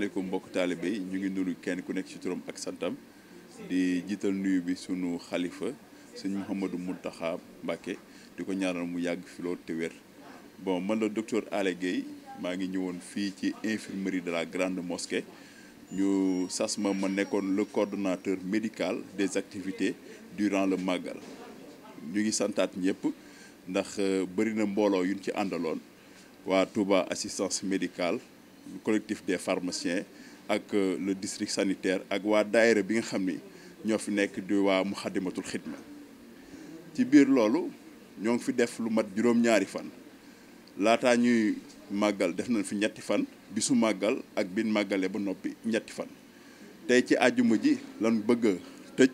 aleykum mbokk taalibe yi ñu ngi nuyu kenn ku nekk ci turam ak santam di jiital nuyu bi sunu xalifa sëñ Mouhamadou Mountakha Mbacké di ko ñaaral mu yàgg fi lool te wér bon man la docteur Alé maa ngi ñëwoon fii ci infirmerie de la grande mosquée ñu sas ma ma nekkoon le coordonnateur médical des activités durant le màggal ñu ngi santaat ñëpp ndax euh, bëri na mbooloo yuñ ci àndaloon waa Touba assistance médicale collectif des pharmaciens ak euh, le district sanitaire ak waa daayira bi nga xam ni ñoo fi nekk di waa Muxaddamatul Xidma ci biir loolu ñoo ngi fi def lu mat juróom-ñaari fan laataa ñuy màggal def nañ fi ñetti fan bisu màggal ak bin màggale ba noppi ñetti fan tey ci àjjuma ji lan bëgg a tëj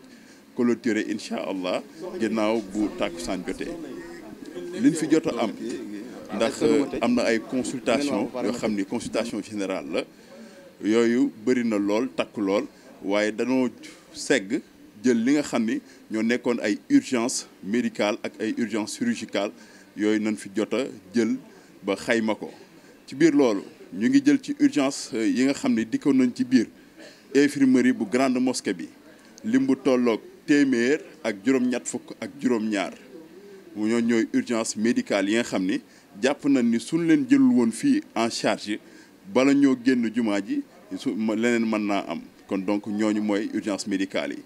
clôturer incha allah ginnaaw bu tàkkusaan jotee liñ fi jot a am ndax euh, am na ay consultation yoo xam ni consultation générale la yooyu bëri na lool takk lool waaye danoo segg jël li nga xam ni ñoo nekkoon ay urgence médicale ak ay urgence chirurgicale yooyu nañ fi jot jël ba xayma ko ci biir loolu ñu ngi jël ci urgence euh, yi nga xam ni dikkoon nañ ci biir infirmerie bu grande mosquée bi lim bu tolloog téeméer ak juróom ak juróom-ñaar ñoo ñooy urgence médicale yi nga xam ni jàpp nañ ni suñ leen jëlul woon fii en charge bala ñoo génn jumaa ji su leneen mën naa am kon donc ñooñu mooy urgence médicale yi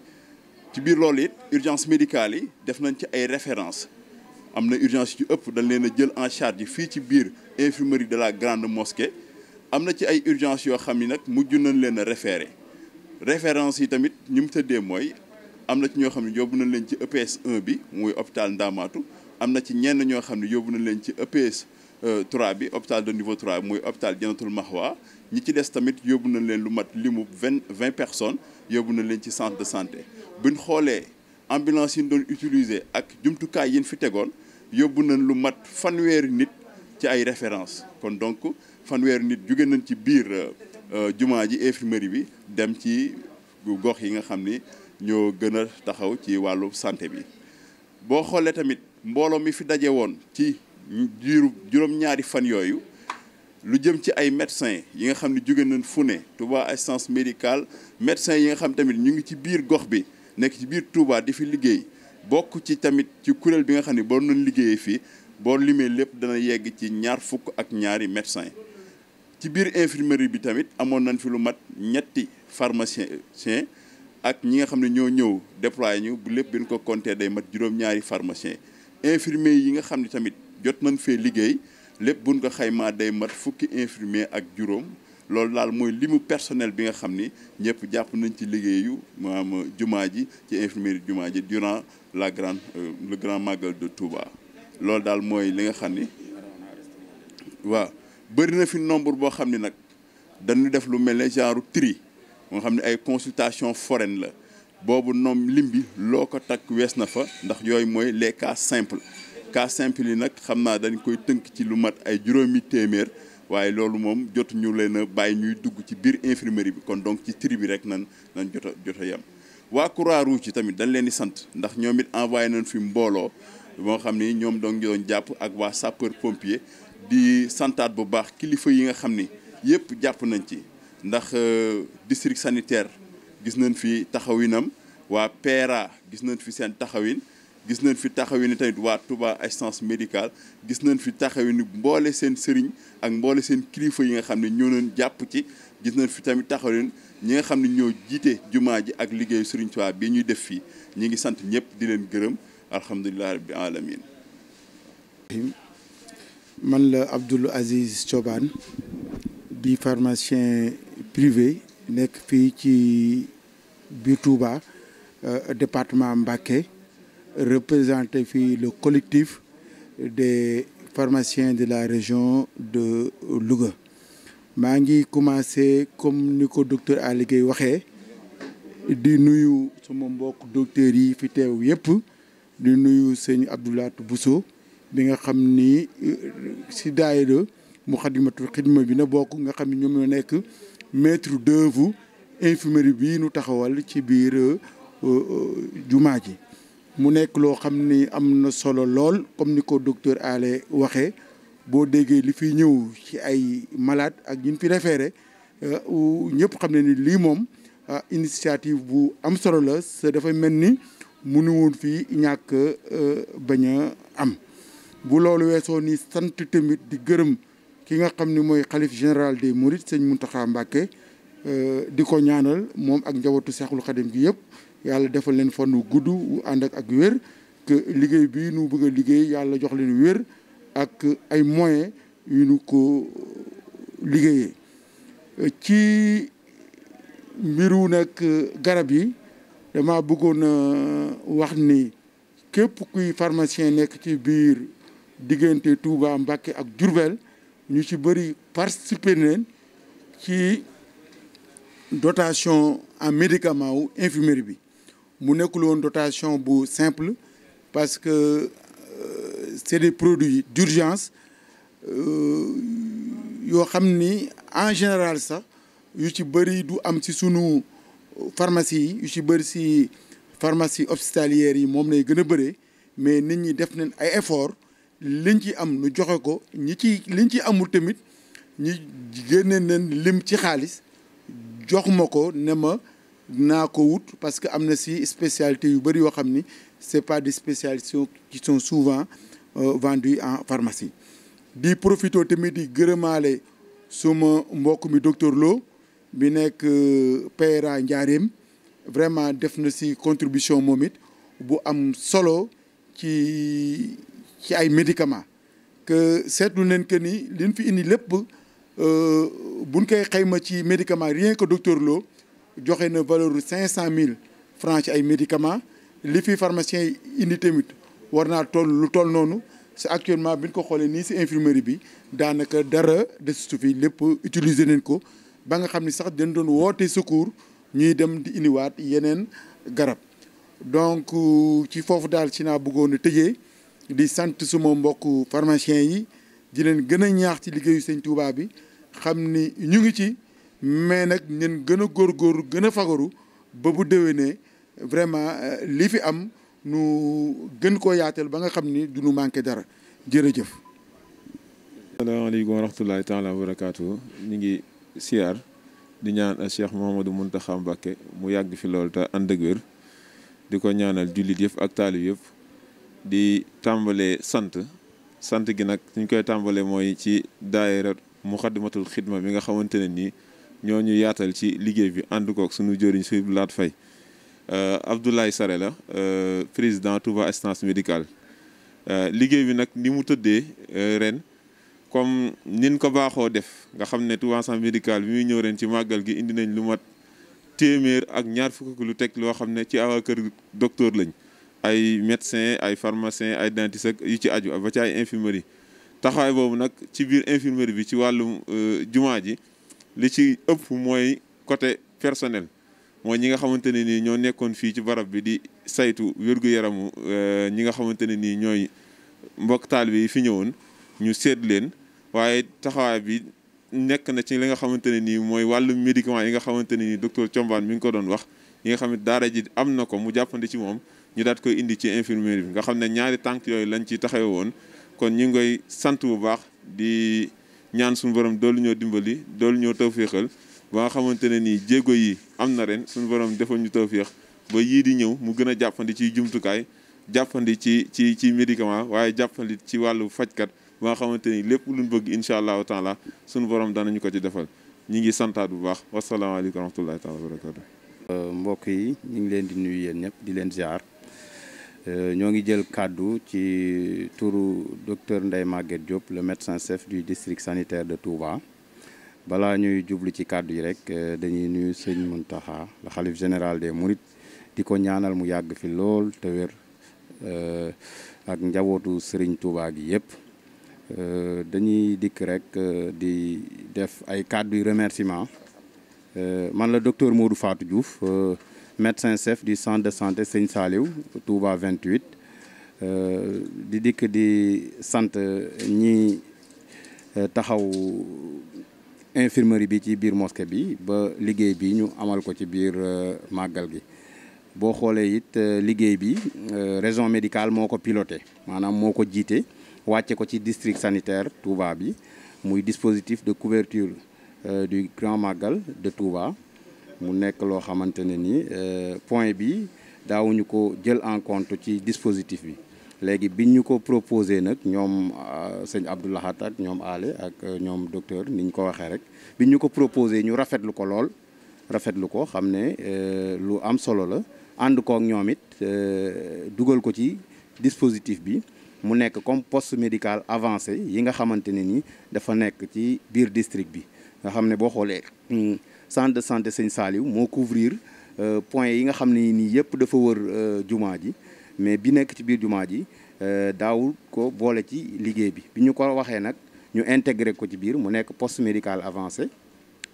ci biir loolu it urgence médicale yi def nañ ci ay référence am na urgence yu ëpp dañ leen a jël en charge fii ci biir infirmerie de la grande mosquée am na ci ay urgence yoo xam ni nag mujj nañ leen a référé référence yi tamit ñu mu tëddee mooy am na ci ñoo xam ne yóbbu nañ leen ci EPS 1 bi muy hôpital Ndamatou am na ci ñenn ñoo xam ne yóbbu nañ leen ci EPS 3 euh, bi hôpital de niveau 3 muy hôpital Jannatul Mahwa ñi ci des tamit yóbbu nañ leen lu mat limu vingt vingt personnes yóbbu na leen ci centre de santé buñ xoolee ambulance yi ñu doon utiliser ak jumtukaay yi fi tegoon yóbbu nañ lu mat fanweeri nit ci ay référence kon donc fanweeri nit jóge nañ ci biir euh, euh, jumaa ji infirmerie bi dem ci gox yi nga xam ni ñoo gën a taxaw ci wàllu santé bi boo xoolee tamit. mbooloo mi fi daje woon ci jiiru juróom-ñaari fan yooyu lu jëm ci ay médecins yi nga xam ne jóge nañ fu ne Touba assistance médicale médecins yi nga xam tamit ñu ngi ci biir gox bi nekk ci biir Touba di fi liggéey bokk ci tamit ci kuréel bi nga xam ne boo nañ liggéeyee fii boo limee lépp dana yegg ci ñaar fukk ak ñaari médecins ci biir infirmerie bi tamit amoon nañ fi lu mat ñetti pharmacien ak ñi nga xam ne ñoo ñëw déployé ñu bu lépp bi ñu ko compté day mat juróom-ñaari infirmier yi nga xam ni tamit jot nañ fee liggéey lépp bun ko xaymaa day mat fukki infirmier ak juróom loolu daal mooy limu personnel bi nga xam ni ñëpp jàpp nañ ci liggéeyu maam jumaa ji ci infirmerie jumaa ji durant la grande euh, le grand magal de Touba loolu daal mooy li nga xam ni waaw bëri na fi nombre boo xam ni nag dañu def lu mel ne genre tri moo xam ne ay consultation foraine la boobu noom lim bi loo ko takk wees na fa ndax yooyu mooy les cas simples cas simples yi nag xam naa dañ koy tënk ci lu mat ay juróomi téeméer waaye loolu moom jotu ñu leen a bàyyi ñuy dugg ci biir infirmerie bi kon donc ci tri bi rek nan nan jot a jot a waa croix ci tamit dañ leen di sant ndax ñoom it envoyé nañ fi mbooloo boo xam ni ñoom donc doon jàpp ak waa sapeur pompier di santaat bu baax kilifa yi nga xam ni yëpp jàpp nañ ci ndax euh, district sanitaire gis nañ fi taxawinam waa PRA gis nañ fi seen taxawin gis nañ fi taxawin tamit waa Touba assistance médicale gis nañ fi taxawin mboole seen sëriñ ak mboole seen kilifa yi nga xam ne ñoo doon jàpp ci gis nañ fi tamit taxawin ñi nga xam ne ñoo jiite jumaa ji ak liggéeyu sëriñ Touba bi ñuy def fii ñi ngi sant ñëpp di leen gërëm alhamdulilah rabbil alamin man la Abdoul Aziz Thioban di pharmacien privé nekk fii ci biir Touba euh, département Mbacké représenté fii le collectif de pharmaciens de la région de Louga maa ngi commencé comme ni ko docteur Aly liggéey waxee di nuyu sama mbokk docteurs yi fi teew yëpp di nuyu sëñ Abdoulaye Bousso bi nga xam ni euh, si daayira Moukhaddamatoul Khidma bi na bokk nga xam ni ñoom ñoo nekk maître d'œuvre infirmerie bii nu taxawal ci biir euh, euh, jumaa ji mu nekk loo xam ni am na solo lool comme ni ko docteur Ale waxee boo déggee li fi ñëw ci ay malaat ak ñun fi référé euh, ñëpp xam ne ni lii moom ah, initiative bu am solo la sa dafa mel ni mënu woon fii ñàkk bañ a am bu loolu weesoo ni sant tamit di gërëm ki nga xam ni mooy xalif général des Mourides sëñ Mountakha Mbacké euh, di ko ñaanal moom ak njabootu Seexul Xadim gi yëpp yàlla defal leen fan wu gudd wu ànd ak ak wér liggéey bii nu bëgg liggéey yàlla jox leen wér ak ay moye yu nu ko liggéeyee ci mbiru nag garab yi dama bëggoon wax ni képp kuy pharmacien nekk ci biir diggante Touba Mbacké ak Diourbel ñu ci bëri participer neen ci dotation en médicament wu infirmerie bi mu nekkul woon dotation bu simple parce que euh, c'est des produits d'urgence euh, yoo xam ni en général sax yu ci bëri du am ci sunu pharmacie yi yu ci bëri si pharmacie hospitalière yi moom lay gën a bëree mais nit ñi def nañ ay effort liñ ci am nu joxe ko ñi ci liñ ci amul tamit ñi génne neen lim ci xaalis jox ma ko ne ma naa ko wut parce que am na si spécialité yu bëri yoo xam ni c'est pas des spécialités qui sont souvent euh, vendues en pharmacie di profito tamit di gërëmaale suma mbokk mi docteur Lo bi nekk euh, PRA Njaareem vraiment def na si contribution moom bu am solo ci ci ay médicament que seetlu nañ que ni liñ fi indi lépp euh, buñ koy xayma ci médicament rien que docteur Lo joxe na valeur cinq cent mille francs ci ay médicament li fi pharmacien yi indi tamit war naa toll lu toll noonu si actuellement bi ñu ko xoolee nii si infirmerie bi daanaka dara desitu fi lépp utiliser nañ ko ba nga xam ni sax dañ doon woote secours ñuy dem di indiwaat yeneen garab donc euh, ci foofu daal ci naa bëggoon a tëjee. di sant suma mbokk pharmacien yi di leen gën a ñaax ci liggéeyu sëñ Touba bi xam ni ñu ngi ci mais nag ñeen gën a góor gën a fagaru ba bu ne vraiment euh, li fi am nu gën koo yaatal ba nga xam ni du nu dara jërëjëf. asalaamaaleykum wa rahmatulahi taala wa barakaatu ñu ngi siyaar di ñaan ak Cheikh Mouhamadou Mountakha Mbacké mu yàgg fi lool te ànd di ko ñaanal jullit yëpp ak taalib yëpp. di tàmbalee sant sant gi nag suñ koy tàmbalee mooy ci daayira muxaddamatul xidma bi nga xamante ne nii ñoo ñu yaatal ci liggéey bi ànd koog suñu joriñ si laat fay euh, Abdoulaye Sare la euh, président Touba assistance médicale euh, liggéey bi nag ni mu tëddee ren comme nin ko baaxoo def nga xam ne Touba assistance médicale bi muy ñëw ren ci màggal gi indi nañ lu mat téeméer ak ñaar fukk lu teg loo xam ne ci awa kër docteur lañ ay médecin ay pharmacien ay dentiste ak yu ci aju ba ci ay infirmerie taxawaay boobu nag ci biir infirmerie bi ci wàllum euh, jumaa ji li ci ëpp mooy côté personnel mooy ñi nga xamante ne nii ñoo nekkoon fii ci barab bi di saytu wér-gu-yaramu euh, ñi nga xamante ne nii ñooy mbokk taalibe yi fi ñëwoon ñu seet leen waaye taxawaay bi nekk na ci li nga xamante ne nii mooy wàllum médicament yi nga xamante ne nii docteur Thiombane mi ngi ko doon wax ñi nga xam ne daara ji am na ko mu jàppandi ci moom ñu daat koy indi ci infirmerie bi nga xam ne ñaari tànk yooyu lañ ci taxawe woon kon ñu ngi koy sant bu baax di ñaan suñu borom doolu ñoo dimbali doolu ñoo tawféexal ba nga xamante ne nii jéego yi am na ren suñu borom defal ñu tawféex ba yii di ñëw mu gën a jàppandi ci jumtukaay jàppandi ci ci ci médicament waaye jàppandi ci wàllu fajkat ba nga xamante ni lépp luñ bëgg incha allahu taala suñu borom danañu ko ci defal ñu ngi santaat bu baax wasalaamaaleykum wa rahmatullahi taala wa euh, mbokk yi ñu ngi leen di nuyu yéen ñëpp di leen Euh, ñoo ngi jël kàddu ci turu docteur ndey màgget Diop le médecin chef du district sanitaire de Touba balaa ñuy jublu ci kàddu yi rek euh, dañuy nuyu sëñ Mountakha le xalif général des Mourides di ko ñaanal mu yàgg fi lool te wér euh, ak njabootu Serigne Touba gi yëpp dañuy dikk rek di def ay kàddu yu remerciement man la docteur Modou Fatou Diouf. médecin chef du centre de santé Sëñ Saliou Touba 28 euh, di dikk di sant ñi euh, taxaw infirmerie bi ci biir mosquée bi ba liggéey bi ñu amal ko ci biir euh, màggal gi boo xoolee it liggéey bi résion médical moo ko piloté maanaam moo ko jiite wàcce ko ci district sanitaire Touba bi muy dispositif de couverture du grand màggal de Touba mu nekk loo xamante ne ni euh, point bi daawuñu ko jël en compte ci dispositif bi léegi bi ñu ko proposé nag ñoom euh, sëñ Abdou Lahad ak ñoom Ale ak euh, ñoom docteur niñ ko waxee rek bi ñu ko proposé ñu rafetlu ko lool rafetlu ko xam ne lu am solo la ànd kook ñoom it dugal ko ci dispositif bi mu nekk comme post médical avancé yi nga xamante ne ni dafa nekk ci biir district bi nga xam ne boo xoolee hmm, centre de santé sëñ Saliou moo couvrir euh, point yi nga xam ne nii yëpp dafa wër euh, jumaa ji mais bi nekk ci biir jumaa ji euh, daawul ko boole ci liggéey bi bi ñu ko waxee nag ñu intégré ko ci biir mu nekk poste médical avancé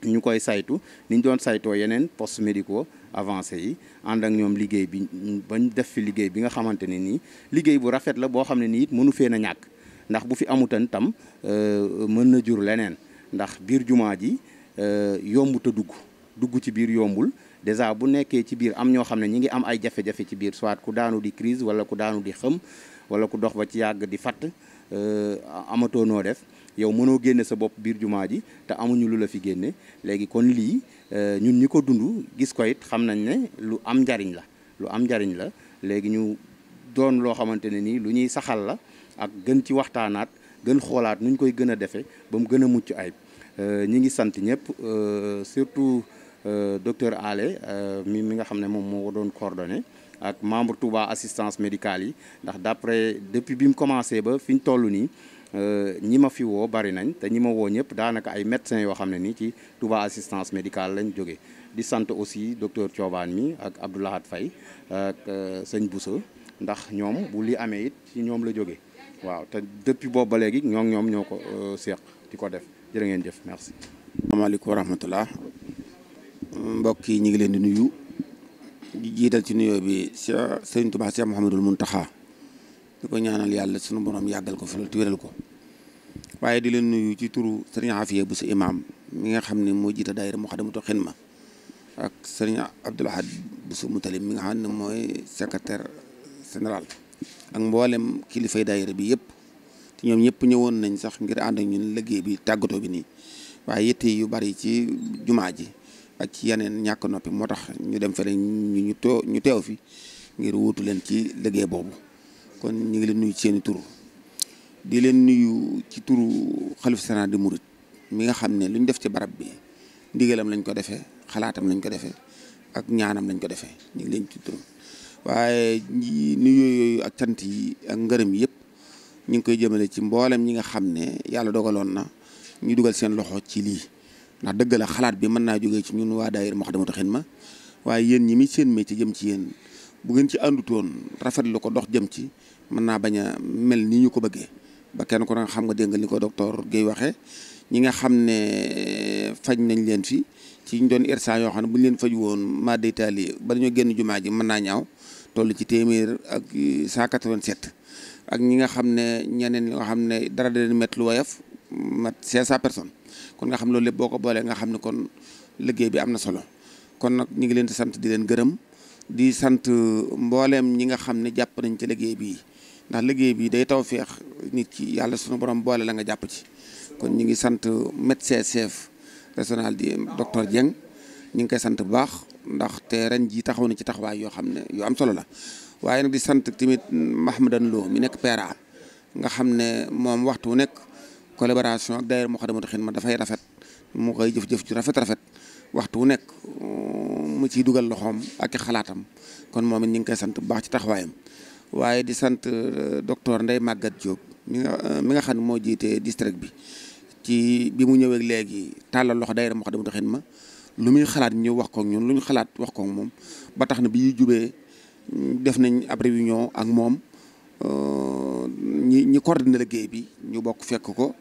ñu koy saytu ni doon saytoo yeneen postes médicaux avancés yi ànd ak ñoom liggéey bi bañ def fi liggéey bi nga xamante ne nii liggéey bu rafet la boo xam ne nii mënu fee na ñàkk ndax bu fi amutan tam mën na jur leneen ndax biir jumaa ji Euh, yombut a dugg dugg ci biir yombul dèjà bu nekkee ci biir am ñoo xam ne ñi ngi am ay jafe-jafe ci biir soit ku daanu di crise wala ku daanu di xëm wala ku dox ba ci yàgg di fatt euh, amatoo noo def yow mënoo génne sa bopp biir jumaa ji te amuñu lu la fi génne léegi kon lii euh, ñun ñi ko dund gis ko it xam nañ ne lu am njariñ la lu am njariñ la léegi ñu doon loo xamante ne nii lu ñuy saxal la ak gën ci waxtaanaat gën xoolaat nuñ koy gën a defe ba mu gën a mucc ayib Euh, ñi ngi sant ñëpp euh, surtout euh, docteur Ale mi mi nga xam ne moom moo doon coordonné ak membre Touba assistance médicale yi ndax d'après depuis bi mu commencé ba fi ñu toll nii ñi ma fi woo bari nañ te ñi ma woo ñëpp daanaka ay médecins yoo xam ne nii ci Touba assistance médicale lañ jóge di sant aussi docteur coobaan mi ak Abdoulahat fay ak sëñ Boussa ndax ñoom bu li amee it ci ñoom la jóge waaw te depuis boobu ba léegi ñoo ñoom ñoo ko seq di ko def jërë ngeen jëf merci. asalaamaaleykum wa rahmatulah mbokk yi ñu ngi leen di nuyu di jiital ci nuyoo bi Cheikh Serigne Touba Cheikh Mouhamadul Mountakha di ko ñaanal yàlla sunu borom yàggal ko fa te wéral ko waaye di leen nuyu ci turu Serigne Afiya bu sa imaam mi nga xam ne moo jiita daayira Moukhaddamatoul Khidma ak Serigne Abdoul Ahad bu sa mutalim mi nga xam ne mooy secrétaire général ak mboolem kilifay daayira bi yëpp. ñoom ñëpp ñëwoon nañ sax ngir ànd ñun liggéey bi tàggatoo bi nii waaye yitte yu bari ci jumaa ji ak ci yeneen ñàkk noppi moo tax ñu dem fële ñu ñu too ñu teew fi ngir wuutu leen ci liggéey boobu kon ñu ngi leen nuyu ci seeni tur di leen nuyu ci turu xalif général des mourides mi nga xam ne lu def ci barab bi ndigalam lañ ko defee xalaatam lañ ko defee ak ñaanam lañ ko defee ñu ngi leen ci turu waaye nuyu yooyu ak cant yi ak ngërëm yëpp. ñu ngi koy jëmale ci mbooleem ñi nga xam ne yàlla dogaloon na ñu dugal seen loxo ci lii ndax dëgg la xalaat bi mën naa jógee ci ñun waa daayir Moukhaddamatoul ma waaye yéen ñi mi seen métier jëm ci yéen bu ngeen ci àndutoon rafetlu ko dox jëm ci mën naa bañ a mel ni ñu ko bëggee ba kenn ku ne xam nga dégg nga li ko docteur Guèye waxee ñi nga xam ne eh, faj nañ leen fi ci ñu doon irsa yoo xam ne bu ñu leen faj woon ma détaillé ba dañoo génn jumaa ji mën naa ñaaw toll ci téeméer ak 187 eh, ak ñi nga xam ne ñeneen ñi xam ne dara da leen métti lu woyof mat 500 personnes kon nga xam loolu lépp boo ko boolee nga xam ne kon liggéey bi am na solo kon nag ñu ngi leen di sant di leen gërëm di sant mbooleem ñi nga xam ne jàpp nañ ci liggéey bi ndax liggéey bii day taw feex nit ki yàlla suñu borom boole la nga jàpp ci kon ñu ngi sant médecin chef régional di docteur Dieng ñu ngi koy sant bu baax ndax te ren jii taxaw na ci taxawaay yoo xam ne yu am solo la waaye nag di sant tamit Mahmadan Lo mi nekk PRA nga xam ne moom waxtu wu nekk collaboration ak daayira Moukhaddamatoul Khidma dafay rafet mu koy jëf ci rafet-rafet waxtu wu nekk mu ciy dugal loxoom ak i xalaatam kon moom it ñu ngi koy sant bu baax ci taxawaayam waaye di sant euh, docteur Ndeye Maguette Diop mi euh, mi nga xam ne moo jiite district bi ci bi mu ñëwee léegi tàllal loxo daayira Moukhaddamatoul Khidma lu muy xalaat ñëw wax ko ñun lu ñu xalaat wax ko moom ba tax na bi ñuy jubee def nañ ab réunion ak moom euh, ñi ñi coordonné géey bi ñu bokk fekk ko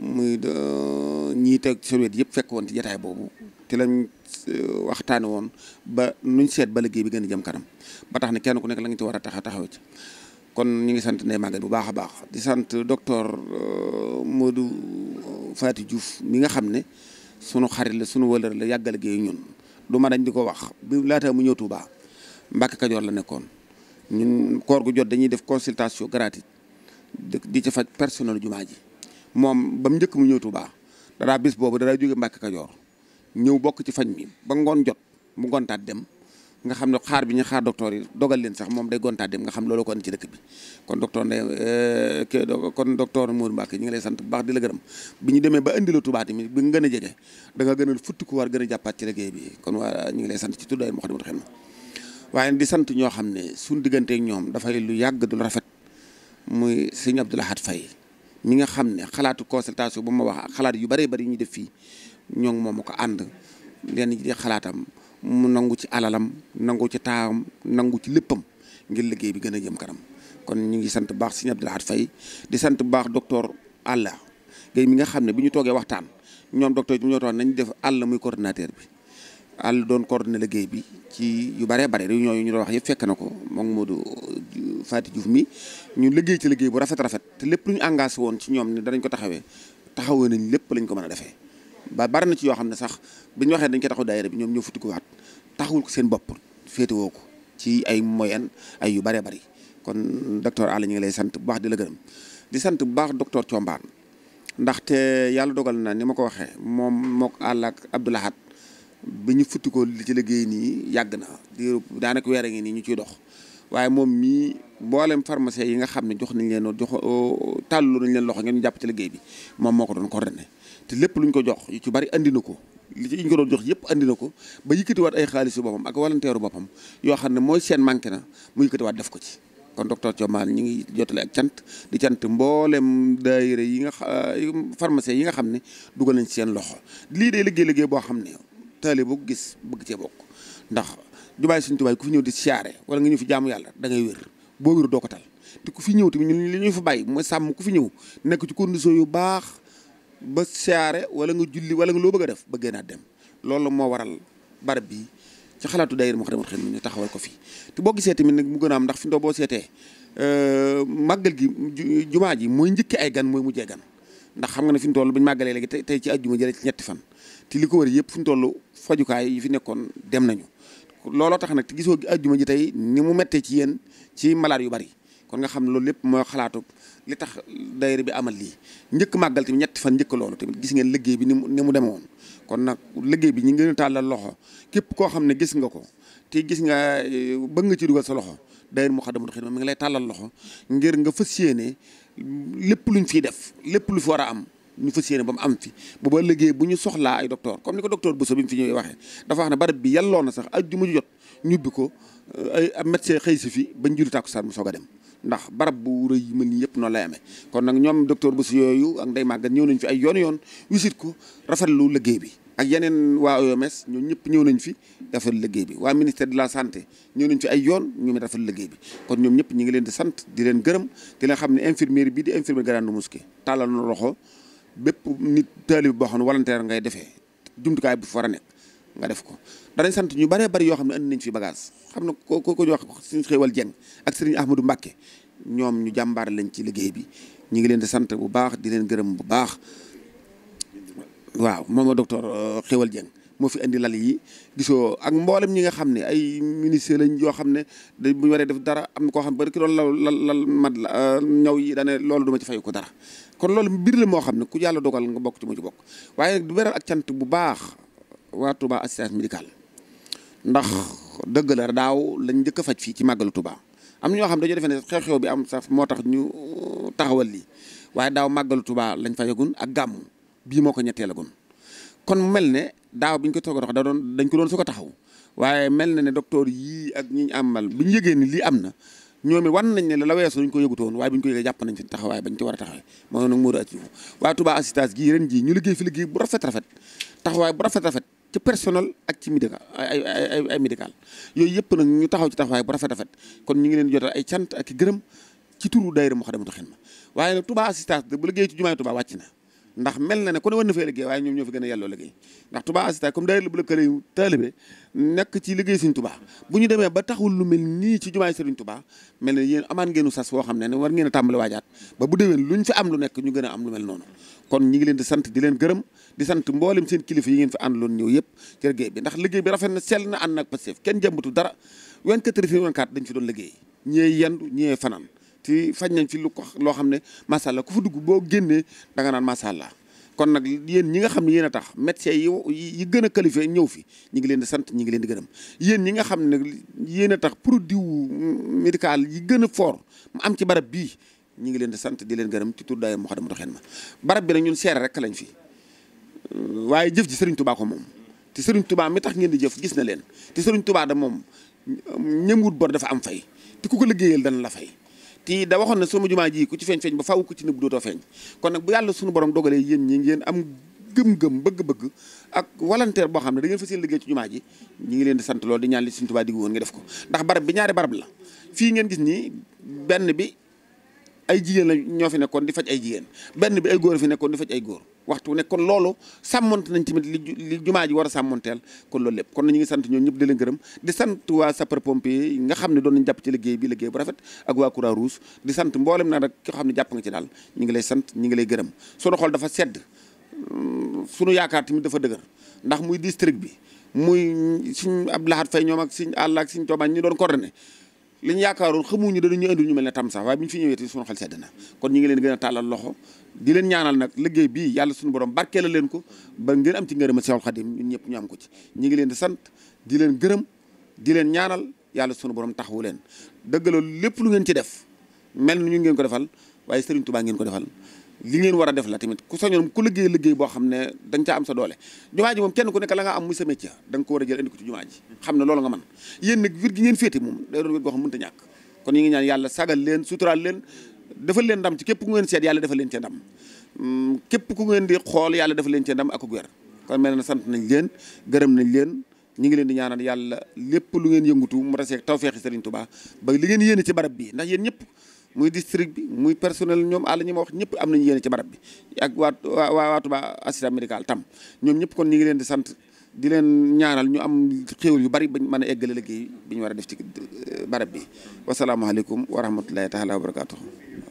muy euh, ñii teg surwet yëpp fekk woon ci jataay boobu te lañ euh, waxtaane woon ba nuñ seet ba liggéey bi gën a jëm kanam ba tax ne kenn ku nekk la nga ci war a taxa taxaw ci kon ñu ngi sant Ndeye Maguette bu baax a baax di sant docteur Modou Faty Diouf mi nga xam ne sunu xarit la sunu wëlër la yàggal a liggéey ñun du ma dañ di ko wax bi laata mu ñëw Touba Mbàkke Kajoor la nekkoon ñun koor gu jot dañuy def consultation gratuite di ci faj personnel jumaa ji moom ba mu njëkk mu ñëw Tuubaa daraa bis boobu daraa jóge Mbàkke Kajoor ñëw bokk ci faj mi ba ngoon jot mu gontaat dem nga xam ne xaar bi ñu xaar docteur yi dogal leen sax moom day gontaat dem nga xam loolu ko andi ci dëkk bi kon docteur ne eh, kon docteur Mourou Mbacke ñu ngi lay sant bu baax di la gërëm bi ñu demee ba indi la Touba tamit bi nga gën a jege da nga gën a futti ku war gën a jàppaat ci liggéey bi kon ñu ngi lay sant ci tuddaay Moukhaddamatoul Khidma waaye di sant ñoo xam ne suñu digganteek ñoom dafay lu yàgg du rafet muy sëñ Abdou Lahad Faye mi nga xam ne xalaatu consultation bu ma wax ak xalaat yu bëree bëri ñu def fii ñoo ngi moom ko ànd leen di xalaatam mu nangu ci alalam nangu ci taawam nangu ci léppam ngir liggéey bi gën a jëm kanam kon ñu ngi sant bu baax sëñ la Lahad fay di sant bu baax doctor Alla Guèye mi nga xam ne bu ñu toogee waxtaan ñoom docteur bi ñoo toog nañ def Alla muy coordinateur bi àll doon coordonné liggéey bi ci yu baree bare réunion yi ñu doon wax yëpp fekk na ko moom moo Modou Faty Diouf mi ñu liggéey ci liggéey bu rafet rafet te lépp lu ñu engagé woon ci ñoom ne danañ ko taxawee taxawee nañ lépp lañ ko mën a defee ba bari na ci yoo xam ne sax bi ñu waxee dañ ko taxaw daayira bi ñoom ñoo futti ko waat taxawul ko seen bopp féetewoo ko ci ay moyen ay yu baree bari kon docteur àll ñu ngi lay sant bu baax di la gërëm di sant bu baax docteur Thiombane ndaxte yàlla dogal na ni ma ko waxee moom mook Alla ak Abdoulahat bi ñu futti ko li ci liggéey nii yàgg na diiru daanaka weer a nii ñu ciy dox waaye moom mii mboolem pharmacien yi nga xam ne jox nañ leen jox tàllu nañ leen loxo ngeen jàpp ci liggéey bi moom moo ko doon coordonné te lépp lu ñu ko jox yu ci bari andi ko li ci ñu ko doon jox yëpp andi ko ba yëkkatiwaat ay xaalisu boppam ak walanteeru boppam yoo xam ne mooy seen manqué na mu waat def ko ci kon docteur Thioman ñu ngi jotale ak cant di cant mboolem daayira yi nga pharmacien yi nga xam ne dugal nañ ci seen loxo lii day liggéey liggéey boo xam ne boo bu gis bëgg cee bokk ndax jubaay Sëñ Tuubaa ku fi ñëw di siyaare wala nga ñëw fi jaamu yàlla da ngay wér boo wér doo ko tal te ku fi ñëw tamit ñun li ñuy fa bàyyi mooy sàmm ku fi ñëw nekk ci condition yu baax ba siyaare wala nga julli wala nga loo bëgg a def bëggee naa dem loolu moo waral barab bi ci xalaatu daayira Moukhaddamatoul Khidma ñu taxawal ko fi boo gisee tamit nag mu gën am ndax fi boo seetee euh, màggal gi jumaa ji mooy njëkki ay gan mooy mujjee gan ndax xam nga ne fi mu toll bu ñu màggalee léegi tey ci àjjuma jëlee ci ñetti fan te li ko wër yëpp fu ñu tollu fajukaay yi fi nekkoon dem nañu looloo tax nag te gisoo ajjuma ji tey ni mu mettee ci yéen ci malaat yu bari kon nga xam ne loolu lépp moo xalaatu li tax daayira bi amal lii njëkk màggal tamit ñetti fan njëkk tamit gis ngeen liggéey bi ni mu ni mu demoon kon nag liggéey bi ñu ngi tàllal loxo képp koo xam ne gis nga ko te gis nga eh, bëgg nga ci dugal sa loxo mu daayira Moukhaddamatoul Khidma mu ngi lay tàllal loxo ngir nga fas yéene lépp luñ fiy def lépp lu fi war a am ñu fa yéene ba mu am fi bu ba liggéey bu ñu soxlaa ay docteur comme ni ko docteur Bousso bi mu fi ñëwee waxee dafa wax ne barab bi yelloo na sax àjjuma ju jot ñubbi ko ay ab médecin xëy si fi bañ julli tàkkusaan mu soog a dem ndax barab bu rëy yi mel nii yëpp noonu lay amee kon nag ñoom docteur Bousso yooyu ak Ndeye Maguette ñëw nañ fi ay yoon yoon wisit ko rafetlu liggéey bi ak yeneen waa OMS ñoo ñëpp ñëw nañ fi defal liggéey bi waa ministère de la santé ñëw nañ fi ay yoon ñoom it defal liggéey bi kon ñoom ñëpp ñi ngi leen di sant di leen gërëm di xam ne infirmière bii di infirmière Grande Mosquée tàllal na loxo bépp nit taalib boo xam ne volontaire ngay defee jumtukaay bu fa war nekk nga def ko danañ sant ñu baree bari yoo xam ne andi nañ fi bagage xam na ko ko ñu wax suñu xéewal jeng ak sëriñ Ahmadou Mbacke ñoom ñu jàmbaar lañ ci liggéey bi ñu ngi leen di sant bu baax di leen gërëm bu baax waaw moom docteur euh, xéewal jeng moo fi indi lal yi gisoo ak mboolem ñi nga xam ne ay ministre lañ yoo xam ne da bu ñu waree def dara am na koo xam bari ki doon lal lal lal mat la euh, ñaw yi daane loolu duma ci fay ko dara kon loolu mbir la moo xam ne ku yàlla dogal nga bokk ci mu ci bokk waaye du beral ak cant bu baax waa Touba assistance médicale ndax dëgg daaw lañ njëkk a faj ci màggalu Touba am ñoo xam dañoo defe ne xew-xew bi am sax moo tax ñu euh, taxawal lii waaye daaw màggalu Touba lañ fayagun ak gàmmu bii moo ko ñetteelagun kon mel ne daaw bi ñu ko toog a dox da doon dañ ko doon su ko taxaw waaye mel na ne docteur yii ak ñi ñu amal bi ñu yëgee ni lii am na ñoom it wan nañ ne la weesu ñu ko yëgutoon waaye bi ñu ko yëgee jàpp nañ ci taxawaay bañ ci war a taxawee moo nag móoru accifu waa Touba assistance gii ñu liggéey fi liggéey bu rafet rafet taxawaay bu rafet rafet ci personnel ak ci médical ay ay ay yooyu yëpp nag ñu taxaw ci taxawaay bu rafet rafet kon ñu ngi leen jotal ay cant ak gërëm ci turu daayira Moukhaddamatoul Khidma waaye nag tubaa assistance bu liggéey ci jumaay Touba wàcc na ndax mel na ne ku ne na fay liggéey waaye ñoom ñoo fi gën a yelloo liggéey ndax Touba Asita comme daayira bu lëkkale yu taalibe nekk ci liggéey Sëriñ tubaa bu ñu demee ba taxul lu mel nii ci jumaay Sëriñ tubaa mel ne yéen amaan ngeenu sas woo xam ne ne war ngeen a tàmbali waajaat ba bu déwén luñ fi am lu nekk ñu gën a am lu mel noonu kon ñi ngi leen di sant di leen gërëm di sant mboolem seen kilifa yi ngeen fi àndaloon ñëw yëpp ci liggéey bi ndax liggéey bi rafet na sell na ànd nag Pastef kenn jëmbatu dara 24 heures sur 24 dañ fi liggéey ñee yendu ñee fanaan ci fañ nañ fi lu loo xam ne macha allah fa dugg boo génnee danga naan macha allah kon nag yéen ñi nga xam ne yéen a tax médecins yi yi gën a qualifié ñëw fi ñi ngi leen di sant ñi ngi leen di gërëm yéen ñi nga xam ne yéen a tax produit médical yi gën a fort mu am ci barab bii ñi ngi leen di sant di leen gërëm ci tur daay Moukhaddamatoul Khidma barab bi nag ñun seere rek lañ fi waaye jëf ji Serigne Touba ko moom te Serigne tax ngeen di jëf gis na leen te Serigne Touba da moom ñëmwut bor dafa am fay te ku ko liggéeyal dana la fay ti da waxoon na sama jumaa ji ku ci feeñ feeñ ba faaw ku ci nëbb dootoo feeñ kon nag bu yàlla suñu borom dogalee yéen ñi ngeen am gëm-gëm bëgg-bëgg ak volontaire boo xam ne da ngeen fas yéene liggéey ci jumaa ji ñi ngi leen di sant loolu di ñaan li Sëriñ Tuubaa digg woon nga def ko ndax barab bi ñaari barab la fii ngeen gis nii benn bi ay jigéen la ñoo fi nekkoon di faj ay jigéen benn bi ay góor fi nekkoon di faj ay góor waxtu nekk kon loolu sàmmonte nañ tamit li li jumaa ji war a sàmmonteel kon loolu lépp kon na ñu ngi sant ñoom ñëpp di leen gërëm di sant waa sapeur ne doon nañ jàpp ci liggéey bi liggéey bu rafet ak waa Croix Rouge sant mboolem naa rek koo xam ne jàpp nga ci daal ñu ngi lay sant ñu ngi lay gërëm sunu xol dafa sedd mm, sunu yaakaar tamit dafa dëgër ndax muy district bi muy suñ Abdoulahat Faye ñoom ak suñ àll ak suñ Tooba ñi doon coordonné li ñu yaakaaroon xamuñu dañu ñu indil ñu mel ne tam sax waaye bi ñu fi ñëwee te suñu xel sedd na kon ñu ngi leen gën a tàllal loxo di leen ñaanal nag liggéey bi yàlla suñu borom barkee la leen ko ba ngeen am ci ngërëma Seexul Xadim ñun ñëpp ñu am ko ci ñu ngi leen sant di leen gërëm di leen ñaanal yàlla suñu borom taxawu leen dëgg loolu lépp lu ngeen ci def mel ni ñu ngeen ko defal waaye Sëriñ Tuubaa ngeen ko defal li ngeen war a def la tamit ku sañoon ku liggéey liggéey boo xam ne da nga caa am sa doole jumaa ji moom kenn ku nekk la nga am muy sa métier da ko war a jël indi ko ci jumaa ji xam ne loolu nga mën yéen nag wér gi ngeen féete moom day doon wér goo xam mënta ñàkk leen suturaal leen ndam képp ku ngeen yàlla defal leen ci ndam hmm, képp ku ngeen di xool yàlla defal leen ci ndam ak wér kon mel na sant nañ leen gërëm nañ leen ñi ngi leen di ñaanal yàlla lépp lu ngeen yëngutu mu taseeg tawfeexi Sëriñ Tuubaa ba li ngeen yéene ci barab bi ndax yéen ñëpp muy district bi muy personnel ñoom àll ñi ma wax ñëpp am nañu yéene ci barab bi ak waa waa waa Touba assistant tam ñoom ñëpp kon ñu ngi leen di sant di leen ñaanal ñu am xéwal yu bari bañ mën a eggale liggéey bi ñu war a def ci euh, barab bi wasalaamaaleykum wa rahmatulahi taala wa barakaatu.